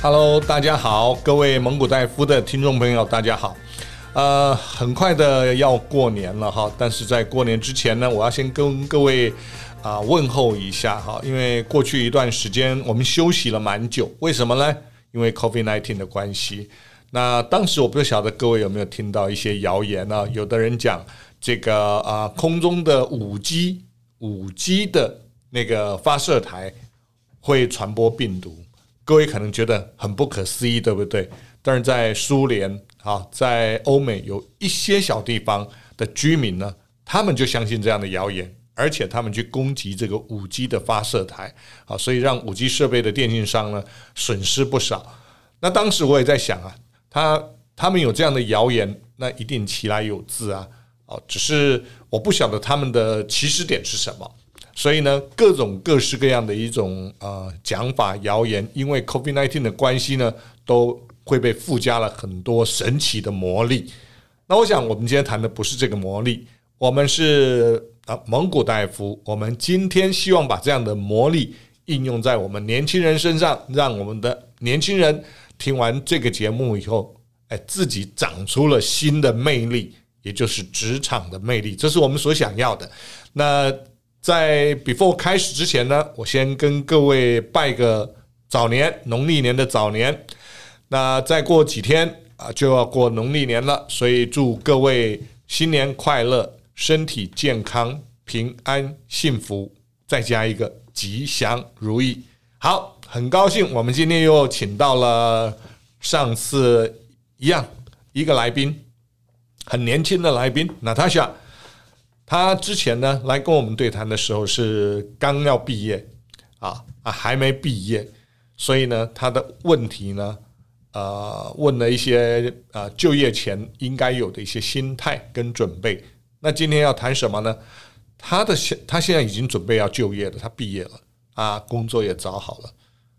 Hello，大家好，各位萌骨戴夫的聽眾朋友，大家好。呃、uh,，很快的要過年了哈，但是在過年之前呢，我要先跟各位啊、uh, 問候一下哈，因為過去一段時間我們休息了蠻久，為什麼呢？因為 COVID-19 的關係。那當時我不曉得各位有沒有聽到一些謠言呢、啊？有的人講這個啊，uh, 空中的五 G 五 G 的那個發射台會傳播病毒。各位可能覺得很不可思議，對不對？但是在蘇聯啊，在歐美有一些小地方的居民呢，他們就相信這樣的謠言，而且他們去攻擊這個五 G 的發射台啊，所以讓五 G 設備的電信商呢損失不少。那當時我也在想啊，他他們有這樣的謠言，那一定其來有自啊，只是我不曉得他們的起始點是什麼。所以呢，各種各式各樣的一種呃講法、謠言，因為 COVID-19 的關係呢，都會被附加了很多神奇的魔力。那我想，我們今天談的不是這個魔力，我們是啊，萌骨戴夫。我們今天希望把這樣的魔力應用在我們年輕人身上，讓我們的年輕人聽完這個節目以後，哎，自己長出了新的魅力，也就是職場的魅力。這是我們所想要的。那在 before 開始之前呢，我先跟各位拜個早年，農曆年的早年。那再過幾天啊，就要過農曆年了，所以祝各位新年快樂，身體健康，平安幸福，再加一個吉祥如意。好，很高興我們今天又請到了上次一樣一個來賓，很年輕的來賓，Natasha。他之前呢來跟我們對談的時候是剛要畢業，啊，啊還沒畢業，所以呢他的問題呢，呃問了一些啊就業前應該有的一些心態跟準備。那今天要談什麼呢？他的現他現在已經準備要就業了，他畢業了啊，工作也找好了，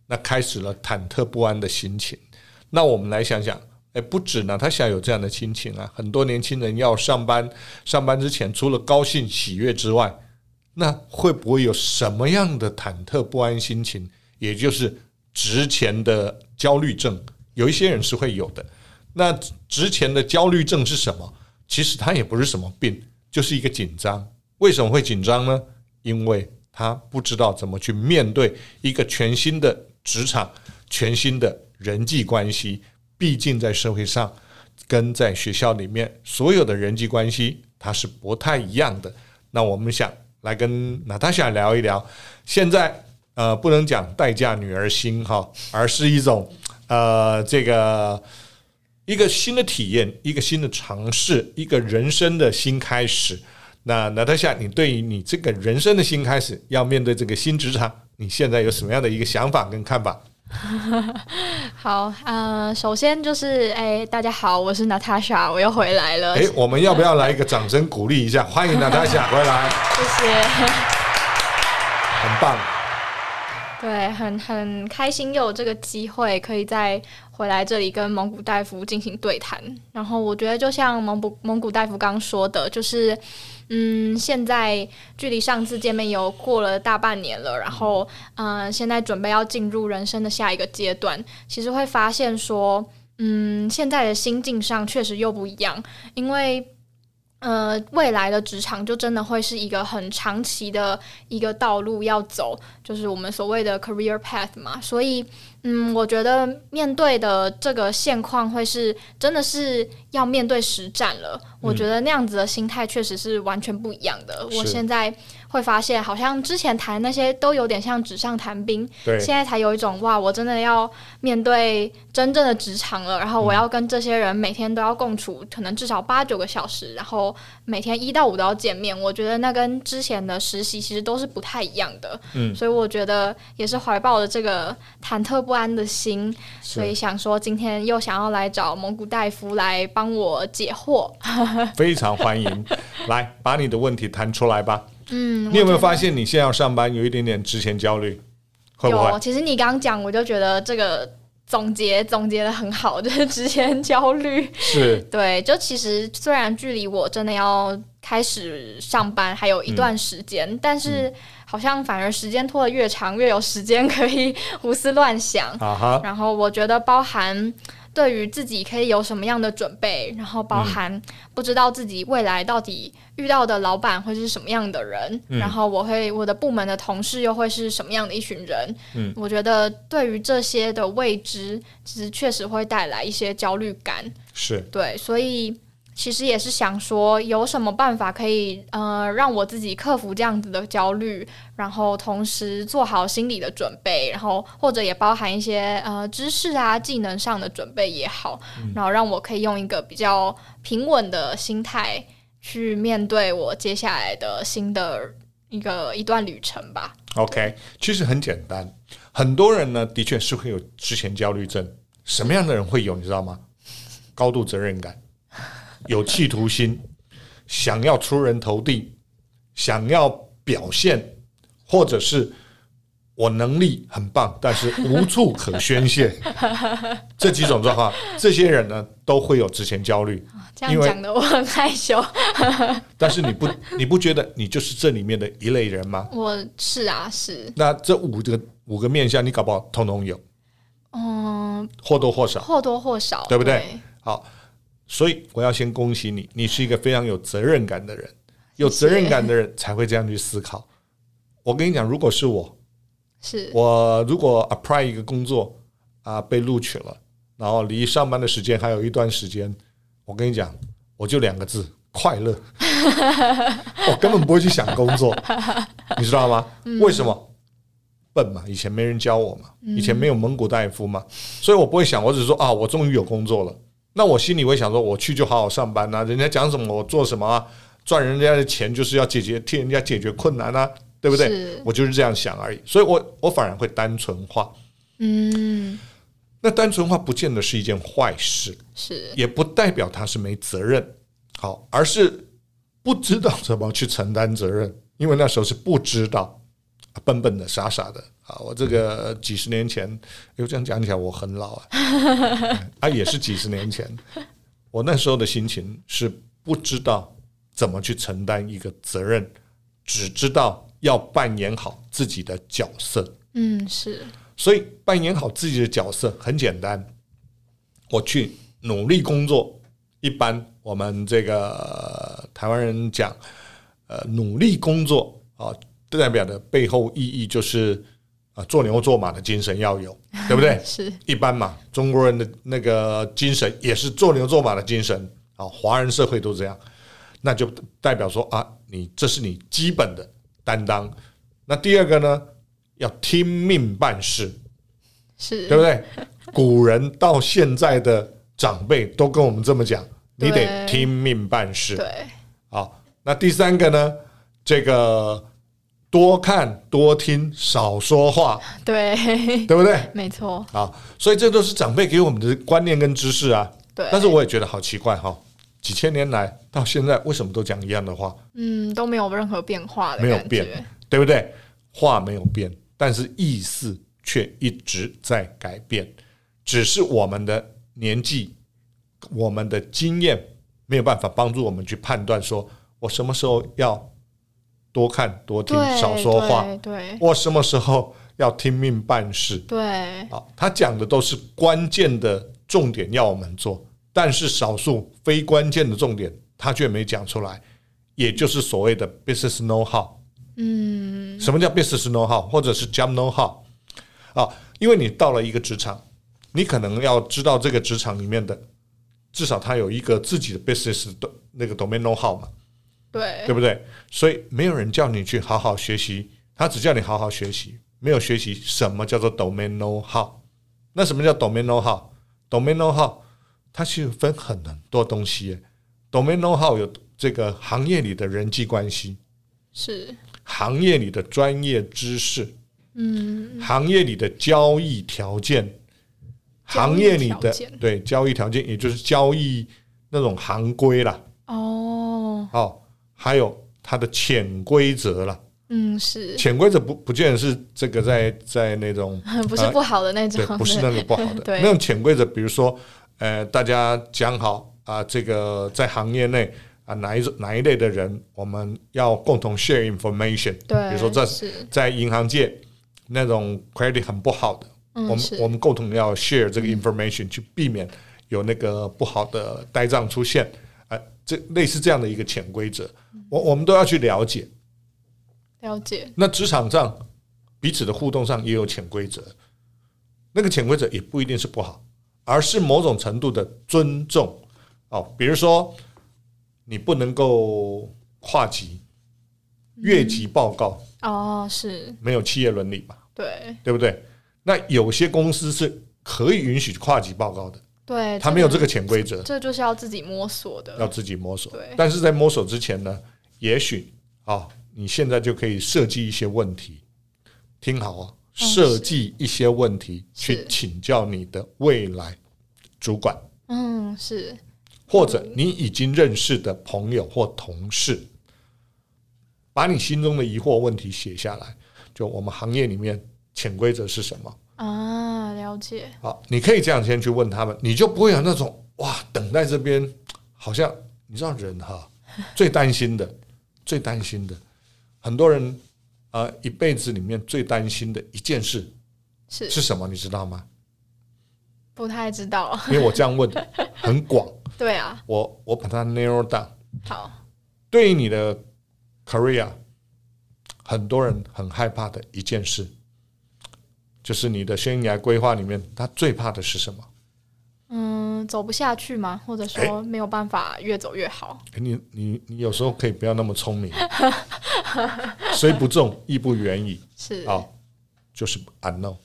那開始了忐忑不安的心情。那我們來想想。也不止呢，他想有這樣的心情啊！很多年輕人要上班，上班之前除了高興喜悅之外，那會不會有什麼樣的忐忑不安心情？也就是職前的焦慮症，有一些人是會有的。那職前的焦慮症是什麼？其實他也不是什麼病，就是一個緊張。為什麼會緊張呢？因為他不知道怎麼去面對一個全新的職場、全新的人際關係。畢竟在社會上，跟在學校裡面，所有的人際關係它是不太一樣的。那我們想來跟娜塔夏聊一聊，現在呃不能講待嫁女兒心哈、哦，而是一種呃這個一個新的體驗，一個新的嘗試，一個人生的新開始。那娜塔夏，Natasha，你對於你這個人生的新開始，要面對這個新職場，你現在有什麼樣的一個想法跟看法？哈哈哈，好，呃，首先就是，哎、欸，大家好，我是 Natasha，我又回來了。哎、欸，我們要不要來一個掌聲鼓勵一下， 歡迎 Natasha 回來？ 謝謝，很棒。對，很很開心又有這個機會，可以再回來這裡跟萌骨戴夫進行對談。然後我覺得，就像萌骨萌骨戴夫剛剛說的，就是，嗯，現在距離上次見面有過了大半年了，然後，嗯、呃，現在準備要進入人生的下一個階段，其實會發現說，嗯，現在的心境上確實又不一樣，因為。呃，未來的職場就真的會是一個很長期的一個道路要走，就是我們所謂的 career path 嘛，所以。嗯，我覺得面對的這個現況會是，真的是要面對實戰了，嗯。我覺得那樣子的心態確實是完全不一樣的。我現在會發現，好像之前談那些都有點像紙上談兵。對。現在才有一種哇，我真的要面對真正的職場了。然後我要跟這些人每天都要共處，可能至少八九個小時，然後每天一到五都要見面。我覺得那跟之前的實習其實都是不太一樣的。嗯。所以我覺得也是懷抱的這個忐忑。不安的心，所以想說今天又想要來找萌骨戴夫來幫我解惑， 非常歡迎，來把你的問題談出來吧。嗯，你有沒有發現你現在要上班有一點點職前焦慮？會不會？有。其實你剛剛講，我就覺得這個總結總結得很好，就是職前焦慮是對。就其實雖然距離我真的要，開始上班還有一段時間，嗯，但是好像反而時間拖得越長，越有時間可以胡 思亂想啊。然後我覺得包含對於自己可以有什麼樣的準備，然後包含不知道自己未來到底遇到的老板會是什麼樣的人，嗯，然後我會我的部門的同事又會是什麼樣的一群人，嗯。我覺得對於這些的未知，其實確實會帶來一些焦慮感。是對，所以。其實也是想說，有什麼辦法可以呃讓我自己克服這樣子的焦慮，然後同時做好心理的準備，然後或者也包含一些呃知識啊、技能上的準備也好，然後讓我可以用一個比較平穩的心態去面對我接下來的新的一個一段旅程吧。OK，其實很簡單，很多人呢的確是會有職前焦慮症，什麼樣的人會有你知道嗎？高度責任感。有企圖心，想要出人頭地，想要表現，或者是我能力很棒，但是無處可宣洩， 這幾種狀況，這些人呢都會有職前焦慮。這樣講得我很害羞， 但是你不，你不覺得你就是這裡面的一類人嗎？我是啊，是。那這五個五個面向，你搞不好通通有，嗯，或多或少，或多或少，對不對？對，好。所以我要先恭喜你，你是一個非常有責任感的人，有責任感的人才會這樣去思考。我跟你講，如果是我，是我如果 apply 一個工作啊、呃、被錄取了，然後離上班的時間還有一段時間，我跟你講，我就兩個字，快樂。 我根本不會去想工作， 你知道嗎？為什麼？嗯、笨嘛，以前沒人教我嘛，以前沒有萌骨戴夫嘛、嗯，所以我不會想，我只是說啊、哦，我終於有工作了。那我心裡會想說，我去就好好上班吶，人家講什麼我做什麼啊，賺人家的錢就是要解決替人家解決困難吶，對不對？是，我就是這樣想而已，所以我我反而會單純化，嗯，那單純化不見得是一件壞事，是也不代表他是沒責任，好，而是不知道怎麼去承擔責任，因為那時候是不知道。笨笨的、傻傻的啊！我這個幾十年前，又這樣講起來，我很老啊！ 啊，也是幾十年前，我那時候的心情是不知道怎麼去承擔一個責任，只知道要扮演好自己的角色。嗯，是。所以扮演好自己的角色很簡單，我去努力工作。一般我們這個、呃、台灣人講，呃，努力工作啊。這代表的背後意義就是啊，做牛做馬的精神要有，對不對？是一般嘛，中國人的那個精神也是做牛做馬的精神啊，哦，華人社會都這樣，那就代表說啊，你這是你基本的擔當。那第二個呢，要聽命辦事，是對不對？ 古人到現在的長輩都跟我們這麼講，你得聽命辦事。對，好，那第三個呢，這個。多看多聽，少說話，對，對不對？沒錯啊，所以這都是長輩給我們的觀念跟知識啊。對，但是我也覺得好奇怪哈、哦，幾千年來到現在，為什麼都講一樣的話？嗯，都沒有任何變化的，沒有變，對不對？話沒有變，但是意思卻一直在改變，只是我們的年紀、我們的經驗沒有辦法幫助我們去判斷說，說我什麼時候要。多看多聽，少說話。我什麼時候要聽命辦事？對、哦，他講的都是關鍵的重點要我們做，但是少數非關鍵的重點他卻沒講出來，也就是所謂的 business know how。嗯，什麼叫 business know how，或者是 jump know how 啊、哦？因為你到了一個職場，你可能要知道這個職場裡面的，至少他有一個自己的 business 的那個 domain know how 嘛。對，對不對？所以沒有人叫你去好好學習，他只叫你好好學習。沒有學習，什麼叫做 domain know-how？那什麼叫 domain know-how？domain know-how，它其實分很很多東西耶。domain know-how 有這個行業裡的人際關係，是行業裡的專業知識，嗯，行業裡的交易條件，條件行業裡的對交易條件，也就是交易那種行規啦。哦，好、哦。還有它的潛規則了，嗯，是潛規則不不見得是這個在在那種、嗯、是不是不好的那種，呃、對不是那種不好的 對那種潛規則。比如說，呃，大家講好啊，呃，這個在行業內啊，呃，哪一哪一類的人，我們要共同 share information。對，比如說在在銀行界那種 credit 很不好的，嗯，是我們我們共同要 share 這個 information，嗯，去避免有那個不好的呆賬出現。哎、啊，這類似這樣的一個潛規則，嗯、我我們都要去了解。了解。那職場上彼此的互動上也有潛規則，那個潛規則也不一定是不好，而是某種程度的尊重哦。比如說，你不能夠跨級越級報告、嗯、哦，是沒有企業倫理吧？對，對不對？那有些公司是可以允許跨級報告的。對、這個，他沒有這個潛規則這，這就是要自己摸索的，要自己摸索。但是在摸索之前呢，也許啊、哦，你現在就可以設計一些問題，聽好啊、哦嗯，設計一些問題去請教你的未來主管。嗯，是。或者你已經認識的朋友或同事、嗯，把你心中的疑惑問題寫下來，就我們行業裡面潛規則是什麼啊？嗯了解，好，你可以這樣先去問他們，你就不會有那種哇，等待這邊，好像你知道人哈，最擔心的，最擔心的，很多人啊、呃、一輩子裡面最擔心的一件事是是什麼？你知道嗎？不太知道，因為我這樣問很廣。 對啊，我我把它 narrow down。好，對於你的 career，很多人很害怕的一件事。就是你的生涯規劃裡面，他最怕的是什麼？嗯，走不下去嗎？或者說沒有辦法越走越好？欸、你你你有時候可以不要那麼聰明， 雖不中，亦不遠矣。是啊，就是 I know，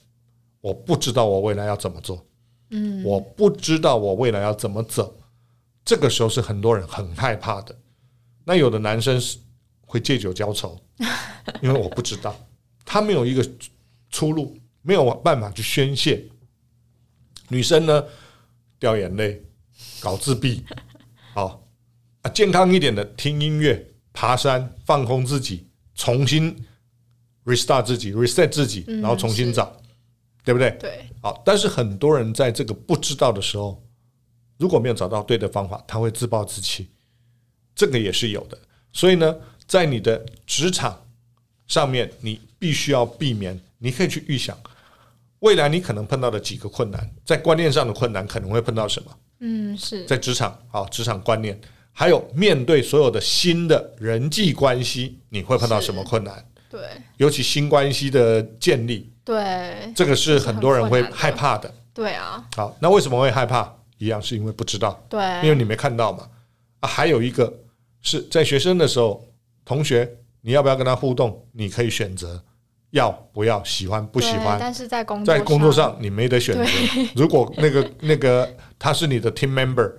我不知道我未來要怎麼做。嗯，我不知道我未來要怎麼走。這個時候是很多人很害怕的。那有的男生是會借酒澆愁， 因為我不知道，他沒有一個出路。沒有辦法去宣洩，女生呢？掉眼淚，搞自閉，好、啊、健康一點的聽音樂、爬山、放空自己，重新 restart 自己、reset 自己，然後重新找、嗯，對不對？對。好，但是很多人在這個不知道的時候，如果沒有找到對的方法，他會自暴自棄，這個也是有的。所以呢，在你的職場上面，你必須要避免，你可以去預想。未來你可能碰到的幾個困難，在觀念上的困難可能會碰到什麼？嗯，是在職場啊，職場觀念，還有面對所有的新的人際關係，你會碰到什麼困難？對，尤其新關係的建立，對，這個是很多人會害怕的、的。對啊，好，那為什麼會害怕？一樣是因為不知道，對，因為你沒看到嘛。啊，還有一個是在學生的時候，同學，你要不要跟他互動？你可以選擇。要不要喜歡，不喜歡？但是在工作，在工作上你沒得選擇。如果那個那個他是你的 team member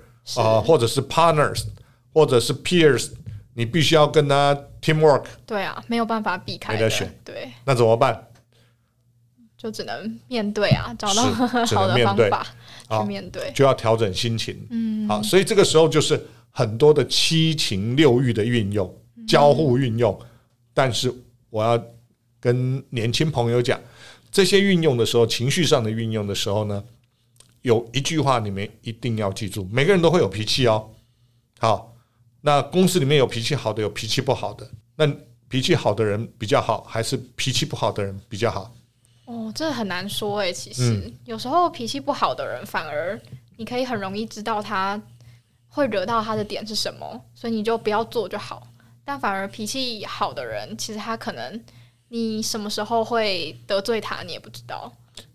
啊、呃，或者是 partners，或者是 peers，你必須要跟他 teamwork。對啊，沒有辦法避開的，沒得選。對，那怎麼辦？就只能面對啊，找到好的方法去面對，就要調整心情。嗯，好，所以這個時候就是很多的七情六欲的運用、嗯、交互運用，但是我要。跟年輕朋友講，這些運用的時候，情緒上的運用的時候呢，有一句話你們一定要記住：每個人都會有脾氣哦。好，那公司裡面有脾氣好的，有脾氣不好的。那脾氣好的人比較好，還是脾氣不好的人比較好？哦，這很難說哎，欸，其實，嗯，有時候脾氣不好的人，反而你可以很容易知道他會惹到他的點是什麼，所以你就不要做就好。但反而脾氣好的人，其實他可能。你什麼時候會得罪他？你也不知道。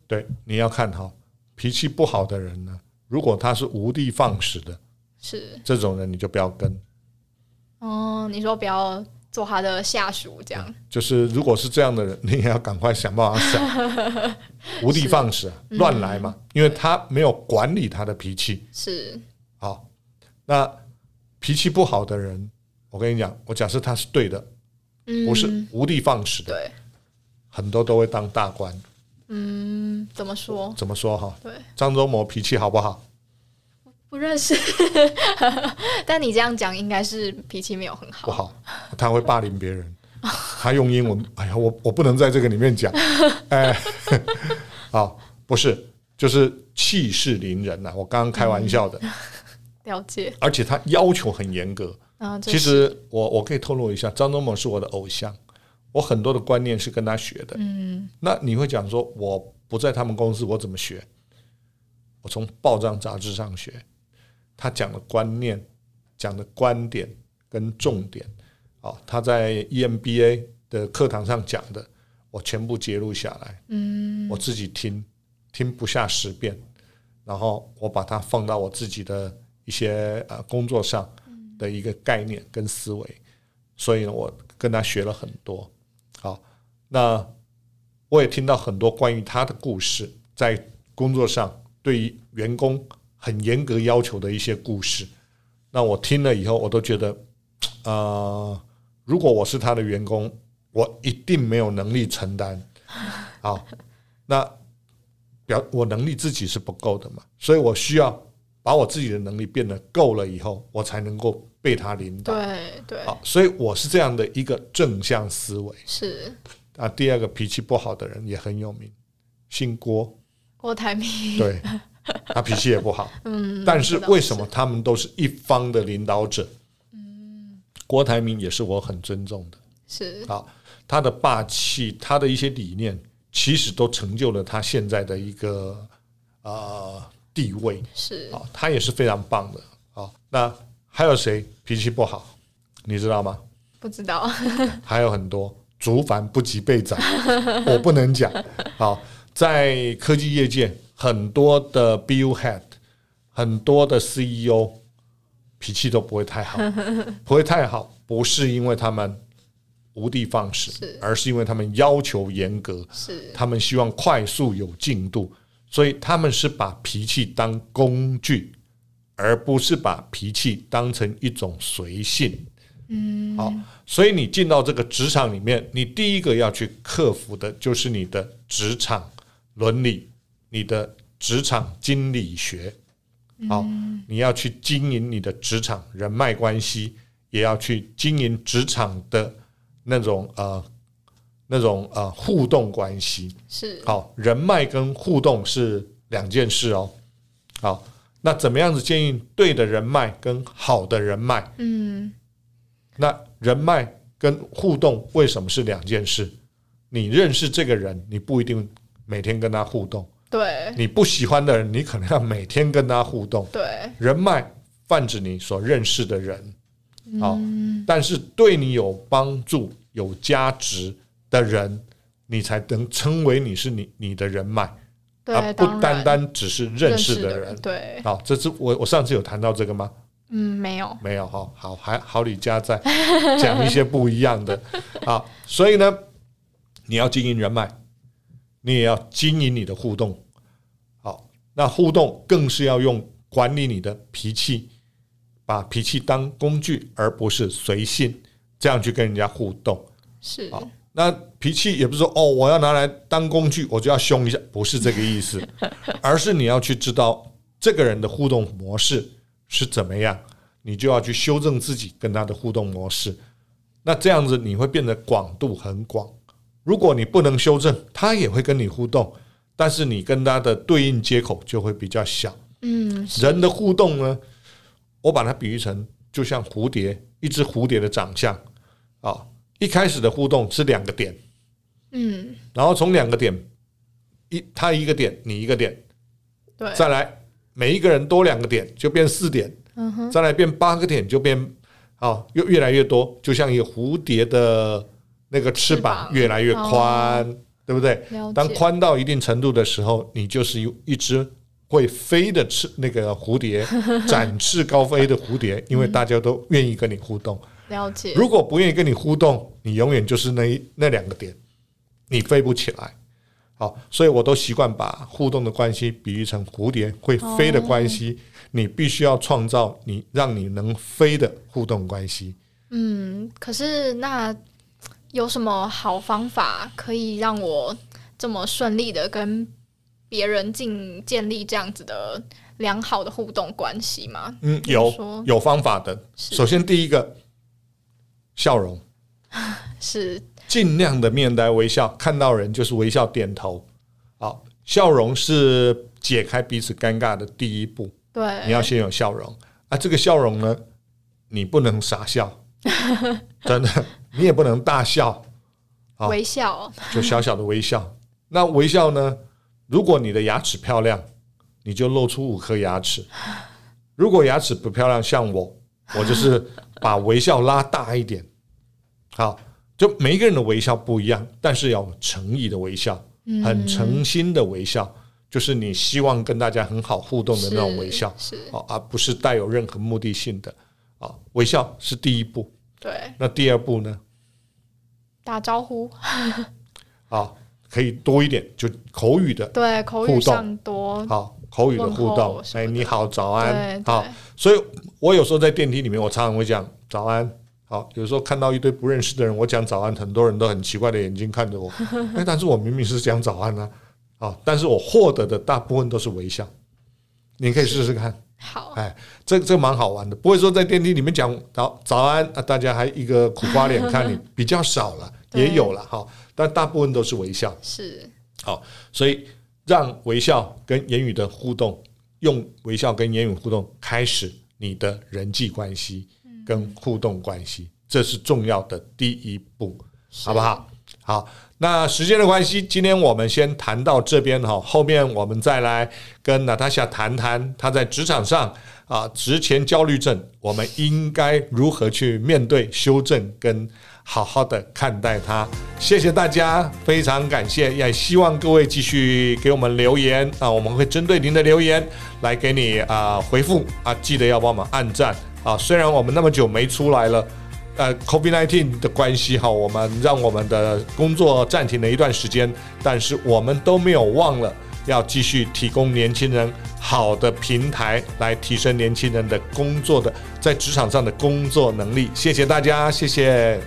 對，你要看好、哦、脾氣不好的人呢，如果他是無的放矢的，是這種人，你就不要跟。哦，你說不要做他的下屬，這樣。就是，如果是這樣的人，你也要趕快想辦法想 無的放矢啊，亂來嘛、嗯，因為他沒有管理他的脾氣。是。好，那脾氣不好的人，我跟你講，我假設他是對的。不、嗯、是無的放矢的，很多都會當大官。嗯，怎麼說？怎麼說哈？對，張周模脾氣好不好？不認識， 但你這樣講，應該是脾氣沒有很好。不好，他會霸凌別人。 他用英文，哎呀，我我不能在這個裡面講。 哎，啊、 哦，不是，就是氣勢凌人吶、啊！我剛剛開玩笑的。嗯，了解。而且他要求很嚴格。其實我我可以透露一下，張忠謀是我的偶像，我很多的觀念是跟他學的。嗯，那你會講說我不在他們公司，我怎麼學？我從報章雜誌上學，他講的觀念、講的觀點跟重點，哦，他在 EMBA 的課堂上講的，我全部截錄下來。嗯，我自己聽聽不下十遍，然後我把它放到我自己的一些呃工作上。的一個概念跟思維，所以呢，我跟他學了很多。好，那我也聽到很多關於他的故事，在工作上對於員工很嚴格要求的一些故事。那我聽了以後，我都覺得，啊、呃，如果我是他的員工，我一定沒有能力承擔。好，那表我能力自己是不夠的嘛，所以我需要。把我自己的能力變得夠了以後，我才能夠被他領導。對對，好，所以我是這樣的一個正向思維。是啊，第二個脾氣不好的人也很有名，姓郭，郭台銘。對，他脾氣也不好， 嗯。但是為什麼他們都是一方的領導者？嗯，郭台銘也是我很尊重的。是好，他的霸氣，他的一些理念，其實都成就了他現在的一個啊。呃地位。是啊、哦，他也是非常棒的。好、哦，那還有誰脾氣不好，你知道嗎？不知道， 還有很多族繁不及備載。 我不能講。好、哦，在科技業界，很多的 BU head，很多的 CEO 脾氣都不會太好， 不會太好，不是因為他們無的放矢，而是因為他們要求嚴格，是他們希望快速有進度。所以他們是把脾氣當工具，而不是把脾氣當成一種隨性。嗯，好，所以你進到這個職場裡面，你第一個要去克服的就是你的職場倫理，你的職場經理學。好，嗯、你要去經營你的職場人脈關係，也要去經營職場的那種呃。那種啊、呃，互動關係是好，人脈跟互動是兩件事哦。好，那怎麼樣子建議對的人脈跟好的人脈？嗯，那人脈跟互動為什麼是兩件事？你認識這個人，你不一定每天跟他互動。對，你不喜歡的人，你可能要每天跟他互動。對，人脈泛指你所認識的人好、嗯，但是對你有幫助、有價值。的人，你才能稱為你是你你的人脈，而、啊、不單單只是認識的人。的對，好、哦，這是我我上次有談到這個嗎？嗯，沒有，沒有好、哦、好，還好李家在講一些不一樣的， 好，所以呢，你要經營人脈，你也要經營你的互動，好，那互動更是要用管理你的脾氣，把脾氣當工具，而不是隨性這樣去跟人家互動，是、哦那脾氣也不是說哦，我要拿來當工具，我就要凶一下，不是這個意思，而是你要去知道這個人的互動模式是怎麼樣，你就要去修正自己跟他的互動模式。那這樣子你會變得廣度很廣。如果你不能修正，他也會跟你互動，但是你跟他的對應接口就會比較小。嗯，人的互動呢，我把它比喻成就像蝴蝶，一隻蝴蝶的長相啊。一開始的互動是兩個點，嗯，然後從兩個點，一他一個點，你一個點，對，再來每一個人多兩個點，就變四點，嗯哼、再來變八個點，就變好、哦，又越來越多，就像一個蝴蝶的那個翅膀越來越寬，對不對？當寬到一定程度的時候，你就是有一只會飛的翅，那個蝴蝶展翅高飛的蝴蝶， 因為大家都願意跟你互動。了解，如果不願意跟你互動，你永遠就是那那兩個點，你飛不起來。好，所以我都習慣把互動的關係比喻成蝴蝶會飛的關係，哦，你必須要創造你讓你能飛的互動關係。嗯，可是那有什麼好方法可以讓我這麼順利的跟別人建建立這樣子的良好的互動關係嗎？嗯，有有方法的。首先第一個。笑容是盡量的面帶微笑，看到人就是微笑點頭。好，笑容是解開彼此尷尬的第一步。對，你要先有笑容啊。這個笑容呢，你不能傻笑， 真的，你也不能大笑。微笑就小小的微笑。那微笑呢？如果你的牙齒漂亮，你就露出五顆牙齒；如果牙齒不漂亮，像我。 我就是把微笑拉大一點，好，就每一個人的微笑不一樣，但是要誠意的微笑，很誠心的微笑，嗯，就是你希望跟大家很好互動的那種微笑，是是啊，而不是帶有任何目的性的啊。微笑是第一步，對，那第二步呢？打招呼，啊， 可以多一點，就口語的互動，對，口語上多好。口語的互動的，哎，你好，早安，好。所以，我有時候在電梯裡面，我常常會講早安，好。有時候看到一堆不認識的人，我講早安，很多人都很奇怪的眼睛看着我， 哎，但是我明明是講早安呢、啊。好，但是我獲得的大部分都是微笑。你可以試試看，好，哎，這個這蠻好玩的，不會說在電梯裡面講早早安啊，大家還一個苦瓜臉 看你，比較少了，也有了哈，但大部分都是微笑，是，好，所以。讓微笑跟言語的互動，用微笑跟言語互動開始你的人際關係跟互動關係，這是重要的第一步，好不好？好，那時間的關係，今天我們先談到這邊哈，後面我們再來跟娜塔莎談談她在職場上啊，職前焦慮症，我們應該如何去面對、修正跟。好好的看待它，謝謝大家，非常感謝，也希望各位繼續給我們留言啊，我們會針對您的留言來給你啊、呃、回復啊，記得要幫忙按讚啊。雖然我們那麼久沒出來了，呃，COVID-19 的關係哈，我們讓我們的工作暫停了一段時間，但是我們都沒有忘了要繼續提供年輕人好的平台來提升年輕人的工作的在職場上的工作能力。謝謝大家，謝謝。